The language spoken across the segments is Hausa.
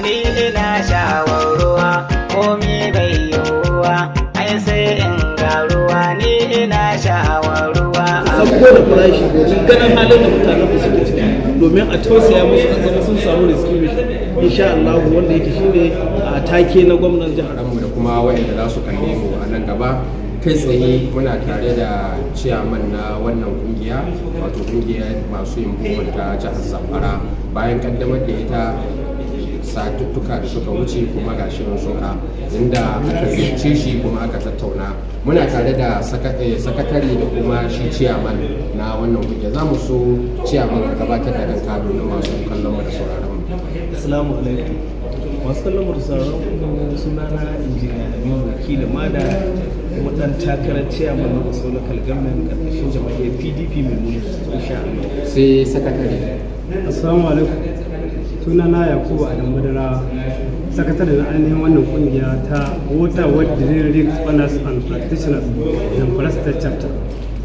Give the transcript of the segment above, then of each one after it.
ni ina shawar ruwa komi bai yiwuwa ai sai in ga ruwa ni ina shawar ruwa sako da farashi domin ganin halin da mutanen mu suke ciki domin a tausaya musu a zama sun samu riski mai insha Allah wanda yake shine a take na gwamnan jihar mu da kuma wayanda za su kalle mu a nan gaba kai tsaye muna tare da ciyaman na wannan kungiya wato kungiyar masu yin ta jihar zamfara bayan kaddamar da ita satuttuka da suka wuce kuma ga shirin suka inda aka ziyarce shi kuma aka tattauna muna tare da eh, sakatare da kuma shi ciyaman na wannan kuke za mu so ciyaman ka gabatar da dan kado na masu kallon mu da sauraron mu. Assalamu alaikum. Masu kallon mu da sauraron mu sunana injiniya Aminu Wakili Mada kuma dan takarar ciyaman na maso na kalgamin karkashin jama'iyyar PDP mai mulki insha Allah. Sai sakatare. Assalamu alaikum. Suna sunana yakubu adam madara sakatare da ainihin wannan kungiya ta water world drilling owners and practitioners in state chapter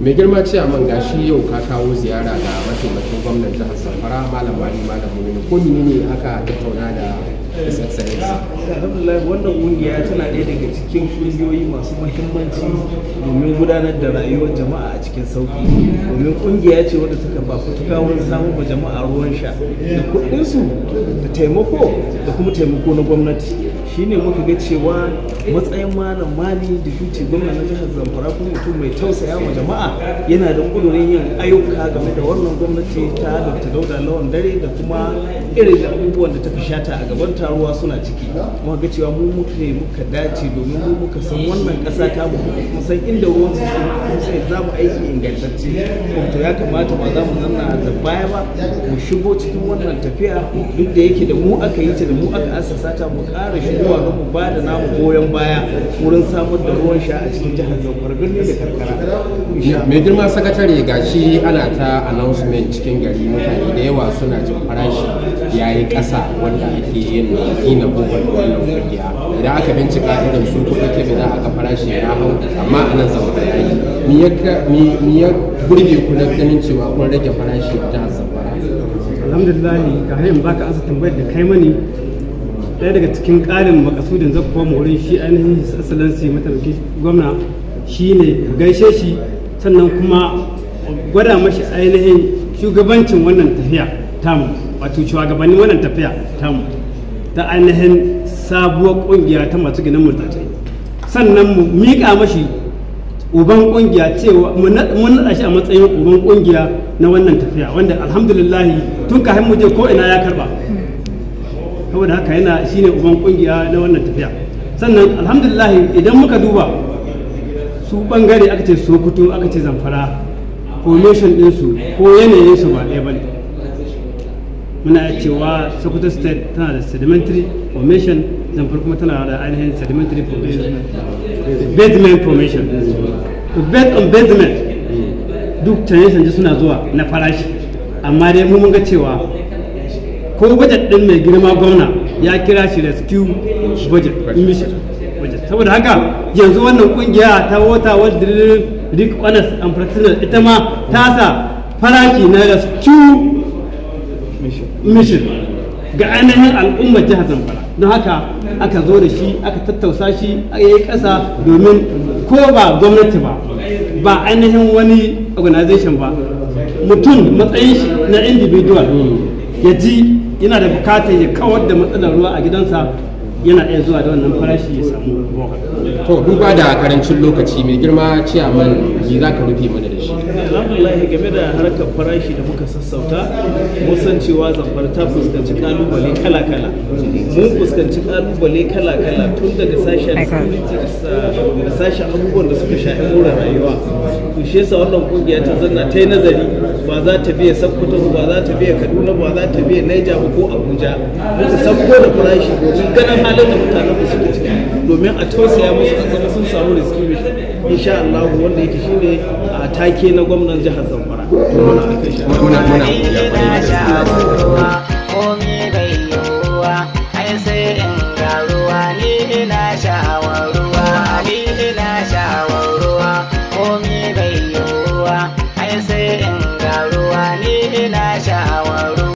mai girma ce a man gashi yau ka kawo ziyara ga mataimakin gwamnan jihar zamfara malam wani malam ne ne aka tattauna da alhamdulillah wannan kungiya tana ɗaya daga cikin kungiyoyi masu muhimmanci domin gudanar da rayuwar jama'a a cikin sauki domin kungiya ce wadda suka ba fituka wurin samun ba jama'a ruwan sha da kuɗinsu da taimako da kuma taimako na gwamnati shine muka ga cewa matsayin malam mali da duty gwamna na jihar zamfara kuma mutum mai tausaya wa jama'a yana da ƙudurin yin ayyuka game da wannan gwamnati ta dr dauda lawan dare da kuma irin abubuwan da ta fi shata a gabanta ruwa suna ciki kuma ga cewa mu muka muka dace domin mu muka san wannan kasa ta mu san inda ruwan su sai za mu aiki ingantacce to ya kamata ba za mu zanna da baya ba mu shigo cikin wannan tafiya duk da yake da mu aka yi ta da mu aka assasa ta mu ƙara shigowa don mu ba da namu goyon baya wurin samar da ruwan sha a cikin jihar Zamfara birni da karkara mai girma sakatare gashi ana ta announcement cikin gari mutane da yawa suna jin farashi yayi kasa wanda ake yin hina da wannan kungiya idan aka bincika irin su kuɗin kebe za a ga farashi ya hau amma a nan saboda ya yi mi ya gurbe ku na ganin cewa kun rage farashi a jihar zamfara alhamdulillah ga hanyar baka asa tambayar da kai mani ɗaya daga cikin ƙarin makasudin kuma wurin shi ainihin excellency mataimakin gwamna shi ne gaishe shi sannan kuma gwada mashi ainihin shugabancin wannan tafiya tamu wato shugabannin wannan tafiya tamu ta ainihin sabuwar kungiya ta masu ginin murtace sannan mu miƙa mashi uban kungiya cewa mun naɗa shi a matsayin uban kungiya na wannan tafiya wanda alhamdulillahi tun kafin mu je ko ina ya karba saboda haka yana shine uban kungiya na wannan tafiya sannan alhamdulillahi idan muka duba su bangare aka ce sokoto aka ce zamfara formation ɗinsu ko yanayinsu ba ɗaya ba ne muna cewa sokoto state tana da sedimentary formation zamfara kuma tana da ainihin sedimentary formation basement formation to based on basement duk canje-canje suna zuwa na farashi amma dai mun ga cewa ko budget din mai girma gwamna ya kira shi rescue budget mission budget saboda haka yanzu wannan kungiya ta wata wadda rick honest and practitioner ita ma ta sa farashi na rescue mission ga ainihin al'ummar jihar zamfara don haka aka zo da shi aka tattausa shi a yi ƙasa domin ko ba gwamnati ba ba ainihin wani organization ba mutum matsayin shi na individual ya ji yana da bukatar ya kawar da matsalar ruwa a gidansa yana ɗaya zuwa da wannan farashi ya samu to duba da karancin lokaci mai girma man yi za ka rufe mana da shi alhamdulillah game da harkar farashi da muka sassauta mun san cewa zambar ta fuskanci kalubale kala kala mun fuskanci kalubale kala kala tun daga sashen abubuwan da suka shafi wurin rayuwa to shi yasa wannan kungiya ta zanna ta yi nazari ba za ta biya sakkwato ba za ta biya kaduna ba za ta biya naija ba ko abuja muka sakko da farashi domin ganin halin da mutanen da suke ciki domin a tausaya musu a zama sun samu riski mai insha Allah wanda yake shine a take na gwamnan jihar Zamfara. Muna muna muna.